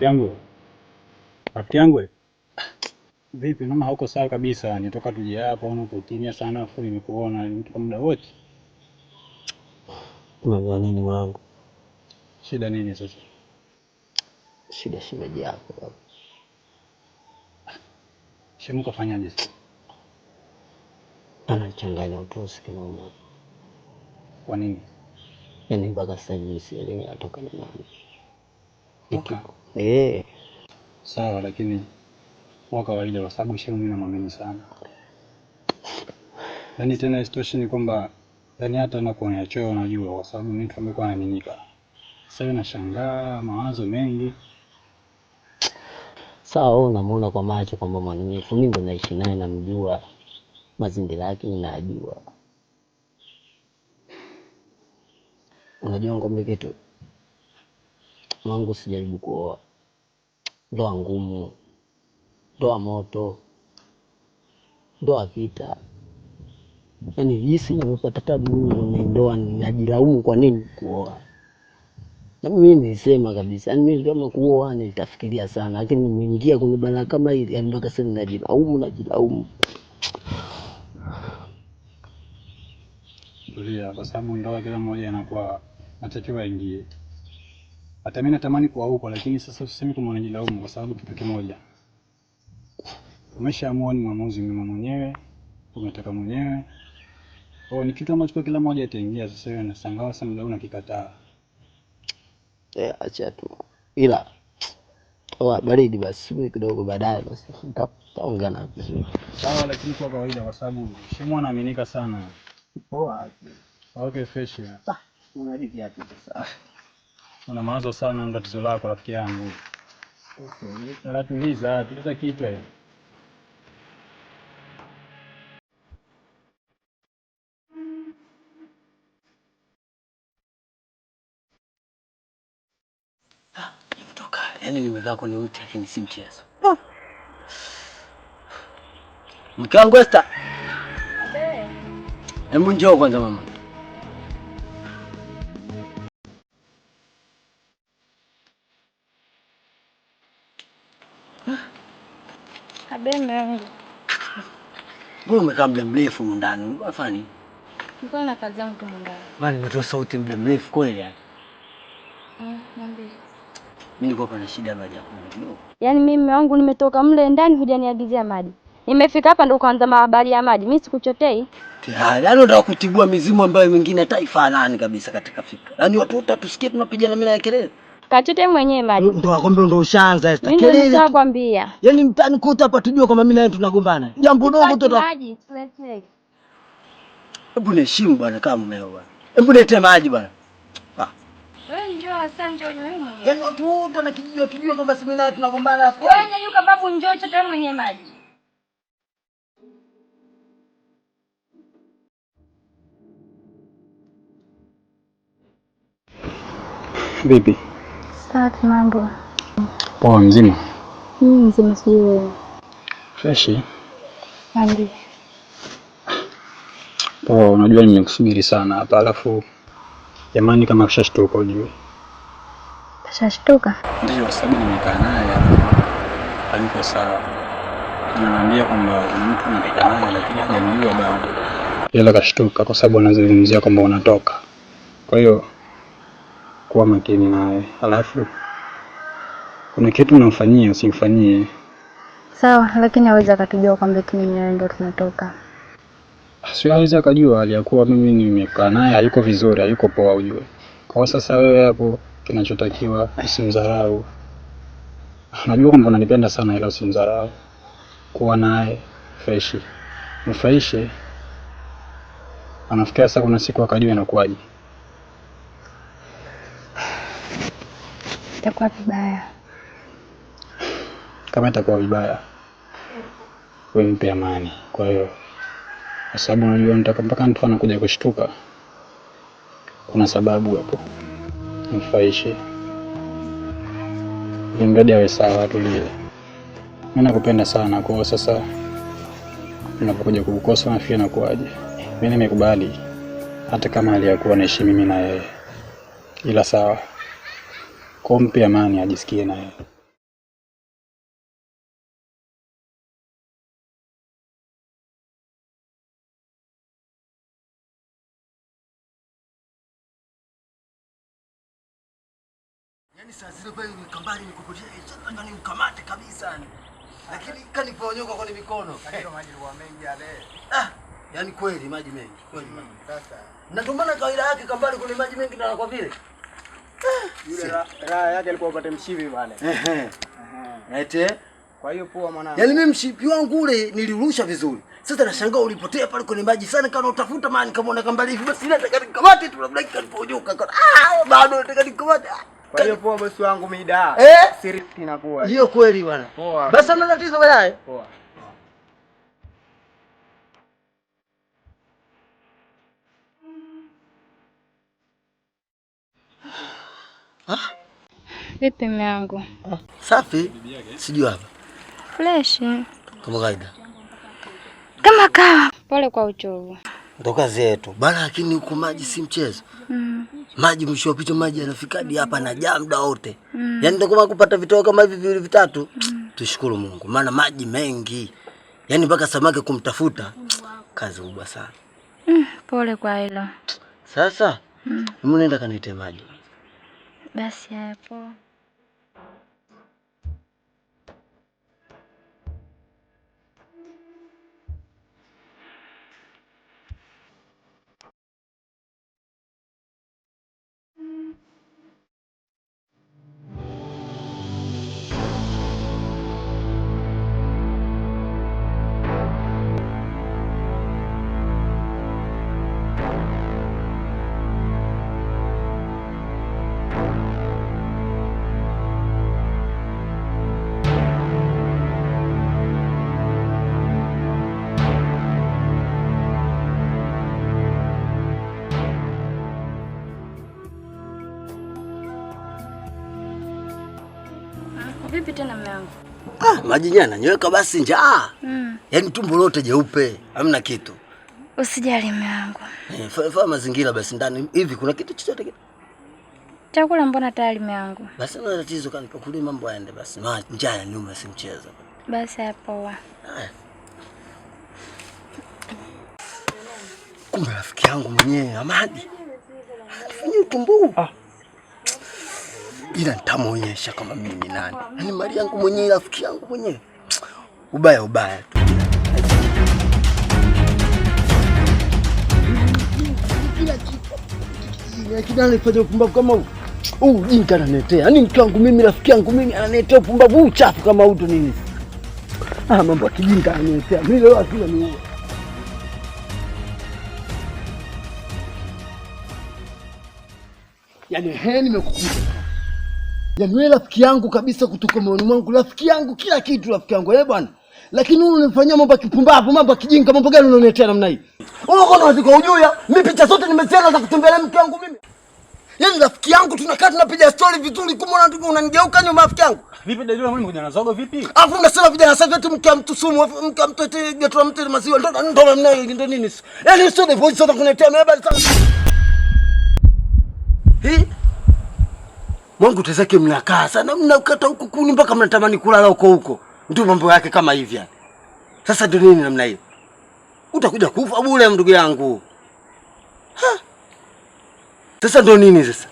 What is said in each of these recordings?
Rafiki yangu, rafiki yangu, vipi? Naona hauko sawa kabisa, nitoka tuje hapa unakukimia sana, afu nimekuona mtu muda wote. Unajua nini wangu? Shida nini sasa? Shida shemeji yako. Shemu kafanyaje sasa? Anachanganya utosi kinoma. Kwa nini? Yaani mpaka sasa hivi sielewi elimu inatoka na nani? Okay. Eh. Sawa, lakini kwa kawaida sababu Shehu mimi namwamini sana. Yaani tena isitoshe ni kwamba yaani hata nakuonea choo unajua kwa sababu mtu amekuwa anaminika. Sasa nashangaa mawazo mengi. Sawa, wewe unamuona kwa macho kwamba mwaminifu, mimi ndo naishi naye, namjua mazingira yake ninajua. Unajua ngombe kitu mwangu, sijaribu kuoa ndoa ngumu, ndoa moto, ndoa vita, yaani jinsi navyopata tabu kwenye ndoa, najilaumu kwa nini kuoa. Na mimi nilisema kabisa, yaani mimi kama kuoa nitafikiria sana, lakini nimeingia kwenye balaa kama hili, yaani mpaka sasa najilaumu, najilaumu kwa sababu ndoa kila mmoja anakuwa natakiwa ingie hata mimi natamani kuwa huko, lakini sasa usiseme kama unajilaumu kwa sababu kitu kimoja, umeshaamua ni mwamuzi mimi mwenyewe, umetaka mwenyewe Kwa ni kitu ambacho kila mmoja itaingia. Sasa wewe unashangaa sana, ndio unakikataa. Eh, acha tu, ila oa baridi basi kidogo, baadaye basi na vizuri, sawa. Lakini kwa kawaida, kwa sababu Shimo anaaminika sana. Poa, okay, fresh. Ah, Unajidhi hapo sasa. Una mawazo sana na tatizo lako rafiki yangu. Okay. Tuliza, tuliza kichwa. Ah, yaani nimekaa ni uti lakini si mchezo. Ah. Mke wangu Esther. Hebu njoo kwanza mama. yangu. Wewe umekaa muda mrefu ndani, unafanya nini? Nilikuwa na kazi yangu ndani. Bali umetoa sauti muda mrefu kweli yani. Mimi mm, niko na shida maji ya kunywa. Yaani mimi mume wangu nimetoka mle ndani hujaniagizia maji. Nimefika hapa ndo kwanza mahabari ya maji. Mimi sikuchotei. Tayari, yaani unataka kutibua mizimu ambayo mingine hata ifanani kabisa katika fikra. Yaani watu wote tunapigana mimi na kelele. Kachute mwenyewe maji. Ndio akwambia ndio ushaanza sasa. Mimi ndio nitakwambia. Yaani mtanikuta hapa tujue kwamba mimi na yeye tunagombana. Jambo dogo tu. Maji tuletee. Hebu niheshimu bwana kama mmeo bwana. Hebu niletee maji bwana. Ah. Wewe njoo hasa njoo wewe Yaani tu wote na kijiji tujue kwamba sisi na yeye tunagombana hapo. Wewe yuko babu njoo chote wewe mwenyewe maji. Bibi. Safi, mambo poa? Mzima mimi mzima, sijui wewe? Freshi. Eh? Ndio poa. Unajua nimekusubiri sana hapa, alafu jamani, kama kashashtuka ujue. Kashashtuka? Ndio, sababu nimekaa naye alikuwa sawa, ananiambia kwamba mtu nakaa naye, lakini hajamjua bado, ila kashtuka kwa sababu anazungumzia kwamba unatoka, kwa hiyo kuwa makini naye, alafu kuna kitu unamfanyia usimfanyie. Sawa, lakini aweza akatujua kwamba mimi ndo tunatoka, sio? Aweza akajua hali ya kuwa mimi nimekaa naye hayuko vizuri, hayuko poa, ujue. Kwa sasa wewe hapo, kinachotakiwa usimdharau. Najua kwamba unanipenda sana, ila usimdharau. Kuwa naye freshi, mfaishe. Anafikia sasa, kuna siku akajua inakuwaje. itakuwa vibaya. Kama itakuwa vibaya wewe mpe amani. Kwa hiyo kwa sababu unajua nitaka mpaka mtu anakuja kushtuka, kuna sababu hapo, nifaishe ili mradi awe sawa, tulie. Mimi nakupenda sana, kwa hiyo sasa unapokuja kuukosa nafikiri nakuaje, mimi nimekubali hata kama aliyakuwa naishi mimi na yeye, ila sawa kompe amani ajisikie naye yaani yeye. kweli eh, kabisa. Lakini kaniponyoka mikono. maji mengi ah, yaani kweli maji mengi, kweli mm, Sasa. Na ndio maana kawaida yake kambali kuna maji mengi na kwa vile. Yule raha yake alikuwa mshipi pale. Ehe. Ete. Kwa hiyo poa mwanangu. Yaani mimi mshipi wangu ule nilirusha vizuri. Sasa nashangaa ulipotea pale kwenye maji sana kana utafuta maana nikamwona hivi basi nataka nikamate tu labda Ah, bado nataka nikamate. Ah, Kwa hiyo poa bosi wangu mida. Eh? Siri Hiyo kweli bwana. Poa. Basi tatizo Poa. Vipi mume wangu? Ah, safi. Sijui hapa. Fresh. Kama kawaida. Kama kawa. Pole kwa uchovu. Ndo kazi yetu bana, lakini huko maji si mchezo mm. Maji mwisho wa picha maji yanafika hadi hapa na jaa muda wote mm. Yaani ndio kupata vitoa kama hivi viwili vitatu mm. Tushukuru Mungu, maana maji mengi, yaani mpaka samaki kumtafuta kazi kubwa sana mm. Pole kwa hilo sasa mm. Mnaenda kanite maji Merci à vous. tena mume wangu. Ah, maji nyana nyweka basi njaa. Mm. Yaani tumbo lote jeupe, hamna kitu. Usijali mume wangu. Eh, fa mazingira basi ndani hivi kuna kitu chochote kile. Chakula mbona tayari mume wangu. Basi na tatizo kanipa kulima mambo yaende basi. Ma njaa ya nyuma si mchezo. Basi hapo. Kumbe rafiki yangu mwenyewe Amadi. Fanya tumbo. Ah ila nitamwonyesha kama mimi ni nani. Ni yaani mali yangu mwenyewe, rafiki yangu mwenyewe, ubaya ubaya tu. Yaani huu ujinga ananiletea, yaani mke wangu mimi, rafiki yangu mimi, ananetea upumbavu uchafu kama huu nini? Ah, mambo ya kijinga ananiletea mimi leo akila ni yaani, he nimekukuta Yaani wewe rafiki yangu kabisa kutoka moyoni mwangu, rafiki yangu kila kitu, rafiki yangu. Eh, bwana. Lakini wewe unanifanyia mambo ya kipumbavu, mambo ya kijinga, mambo gani unaniletea namna hii? Wewe uko na waziko ujuya, mimi picha zote nimeziona za kutembelea mke wangu mimi. Yaani rafiki yangu tunakaa tunapiga story vizuri, kumbe ndugu unanigeuka nyuma rafiki yangu. Vipi dada mimi unakuja na zogo vipi? Alafu unasema vijana sasa eti mke mtu sumu, mke wa mtu eti geto la mtu maziwa. Ndio ndio hii ndio nini? Yaani sio the voice zote kunetea mbele sana. Hii Mwangu tezake mnakaa sana, mnakata huko kuni mpaka mnatamani kulala huko huko. Ndio mambo yake kama hivi yani. Sasa ndio nini namna hiyo? Utakuja kufa bure ndugu yangu. Ha? Sasa ndio nini sasa?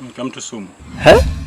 Mkamtu sumu. eh?